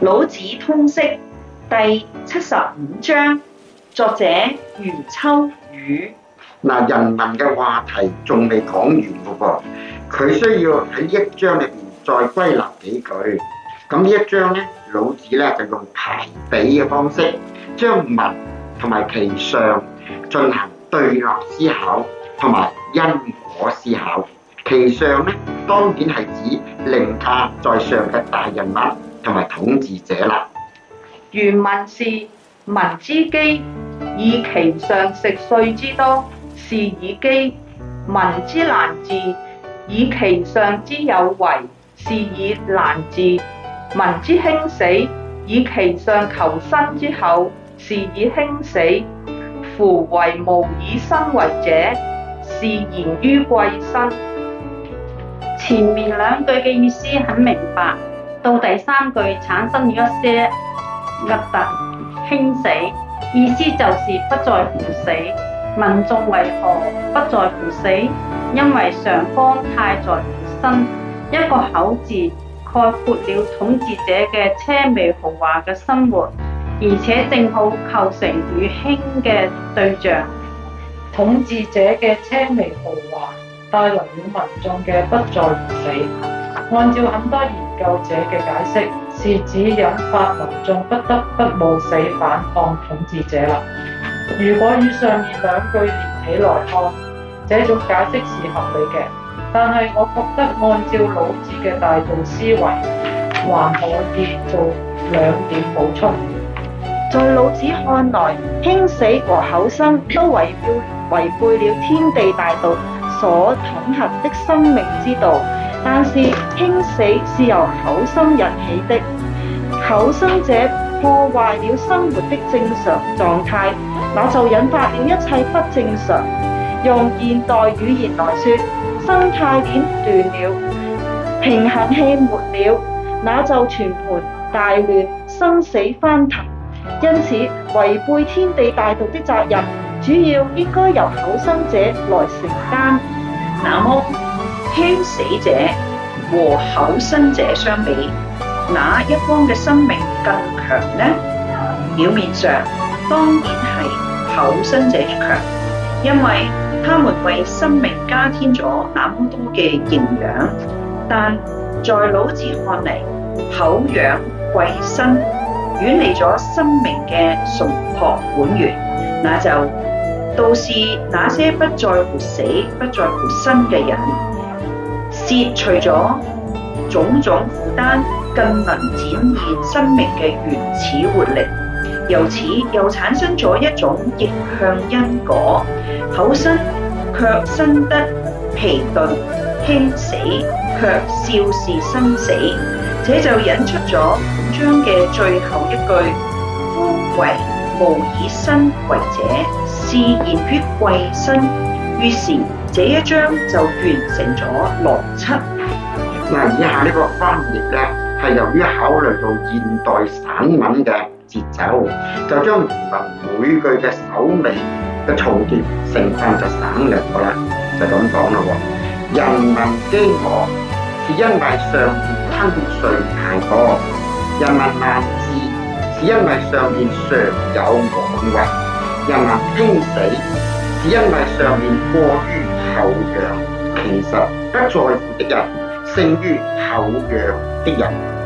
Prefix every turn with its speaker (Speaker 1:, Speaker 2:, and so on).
Speaker 1: 老子通釋第七十五章，作者余秋
Speaker 2: 雨。嗱，人民嘅話題仲未講完噶噃，佢需要喺一章裏邊再歸納幾句。咁呢一章咧，老子咧就用排比嘅方式，將文同埋其上進行對立思考同埋因果思考。其上咧，當然係指凌駕在上嘅大人物。同埋統治者啦。
Speaker 3: 原文是：「民之饑，以其上食稅之多，是以饑。民之難治，以其上之有為，是以難治。民之輕死，以其上求生之厚，是以輕死。夫唯無以生為者，是賢於貴生。前面兩句嘅意思很明白。到第三
Speaker 1: 句產生了一些凹凸輕死，意思就是不在乎死。民眾為何不在乎死？因為上方太在乎身，一個口字概括了統治者嘅奢靡豪華嘅生活，而且正好構成與輕
Speaker 3: 嘅對象。統治者嘅奢靡豪華帶來了民眾嘅不在乎死。按照很多研究者嘅解釋，是指引發民眾不得不冒死反抗統治者啦。如果與上面兩句連起來看，這種解釋是合理嘅。但係我覺得按照老子嘅大道思維，還可以做兩點補充。在老子看來，輕死和厚生都違背違背了天地大道所統合的生命之道。但是，輕死是由求生引起的，求生者破壞了生活的正常狀態，那就引發了一切不正常。用現代語言來說，生態鏈斷了，平衡器沒了，那就全盤大亂，生死翻騰。因此，違背天地大道的責任，主要應該由求生者來承擔。那麼，
Speaker 1: 輕死者和口生者相比，哪一方嘅生命更強呢？表面上當然係口生者強，因為他們為生命加添咗那麼多嘅營養。但在老子看嚟，口養貴生，遠離咗生命嘅純樸本源，那就倒是那些不在乎死、不在乎生嘅人。卸除咗種種負擔，更能展現生命嘅原始活力。由此又產生咗一種逆向因果，口卻生卻生得疲頓，輕死卻笑是生死。這就引出咗本章嘅最後一句：夫唯無以生為者，是賢於貴生。於是這一章就完成咗《農七》。嗱，以下呢個
Speaker 2: 翻譯咧，係由於考慮到現代散文嘅節奏，就將人民，民每句嘅首尾嘅重疊成分就省略咗啦。就咁講啦喎，人民飢餓是因為上面吞稅太多，人民難治是因為上面上有妄為，人民輕死。只因為上面過於厚養，其實不在乎的人勝於厚養的人。